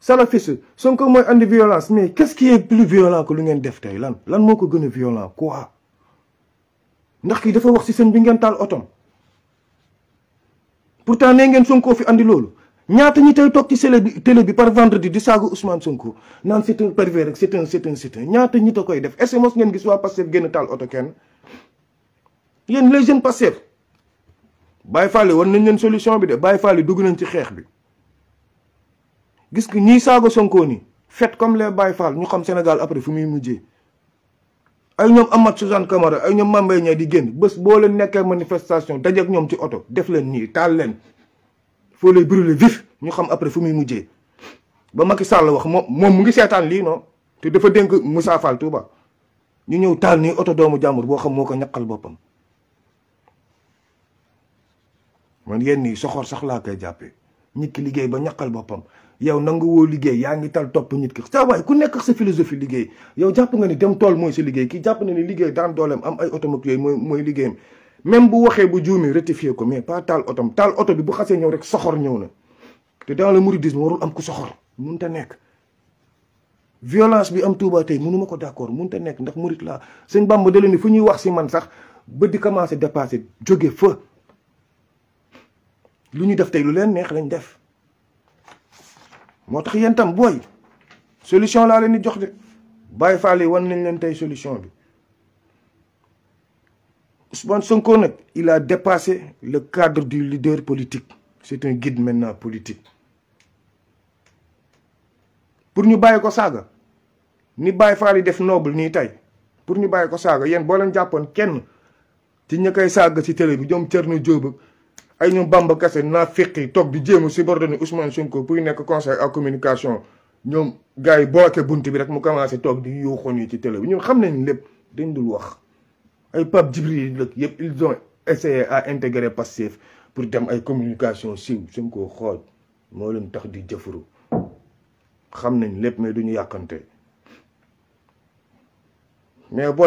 salafiste Sonko moy andi violence mais qu'est-ce qui est plus violent que lu ngeen def tay lan lan moko ko violent quoi ndax ki dafa wax ci sëñ bi ngeen tal otom pourtant nee ngeen Sonko fi andi lolu ñaata ñi tay tok ci télé bi télé bi par vendredi di sagu Ousmane Sonko nan c'est un pervers c'est un c'est un c'est un ñaata ñi takoy def sms ngeen gis wa Pastef gëna tal auto ken yeen les jeunes Pastef bay fallé won nañ leen solution bi dé bay fallé dugg nañ ci xeex bi gis nga ñiy saaga Sonko nii fet comme les Baye Fall ñu xam Sénégal après fu muy mujjee ay ñoom Amath Suzanne Camara ay ñoom Mambay ña di génn bés boo nekkee manifestation dajeek ñoom ci oto def leen nii taal leen foo lay brûler vif ñu xam après fu muy mujjee ba Macky Sall wax moom moom mu ngi seetaan lii non te dafa dénk Moussa Fall Touba ñu ñëw taal nii oto doomu jàmbur boo xam moo ko ñaqal boppam man yéen nii sax laa koy jàppee nit ki liggéey ba ñakkal bopam yow nangu wo liggéey yaa ngi tal top nit ki sa way ku nekk sa philosophie liggéey yow japp nga ni dem tol moy sa liggéey ki japp na ni liggéey daan dolem am ay otomak yoy moy moy liggéeyam même bu waxee bu joomi rectifier ko mais pas taal otom taal auto bi bu xasse ñew rek soxor ñew na te dans le mouridisme warul am ku soxor munta nekk violence bi am touba tay mënuma ko d'accord munta nekk ndax mourid la seigne bamba de leen ni fu ñuy wax si man sax ba di commencer dépasser joggé feu lu ñu def tay lu leen neex lañ def moo tax yéen tam booy solution la leen di jox de Baye Fall won nañ leen tay solution bi Ousmane Sonko nak il a dépassé le cadre du leader politique c'est un guide maintenant politique pour ñu bàyyi ko saga ni Baye Fall def noble ni tay pour ñu bàyyi ko saga yeen bo leen jàppoon kenn ci ña koy saaga ci télé bi jom Thierno Diop ay ñoom Bamba kasse naa feqi toog di jéem a subordonné Ousmane Sonko pour nek conseil en communication ñom gars yi bunti bi rek mu commencé tok di yoxo ñu ci télé bi ñun xam nañ lépp dañ dul wax ay pap Djibril lëg yëpp ils ont essayé à intégrer Pastef pour dem ay communication siiw Sonko xool mo leen tax di jëfuru xam nañ lépp mais duñu yàkkante mais boy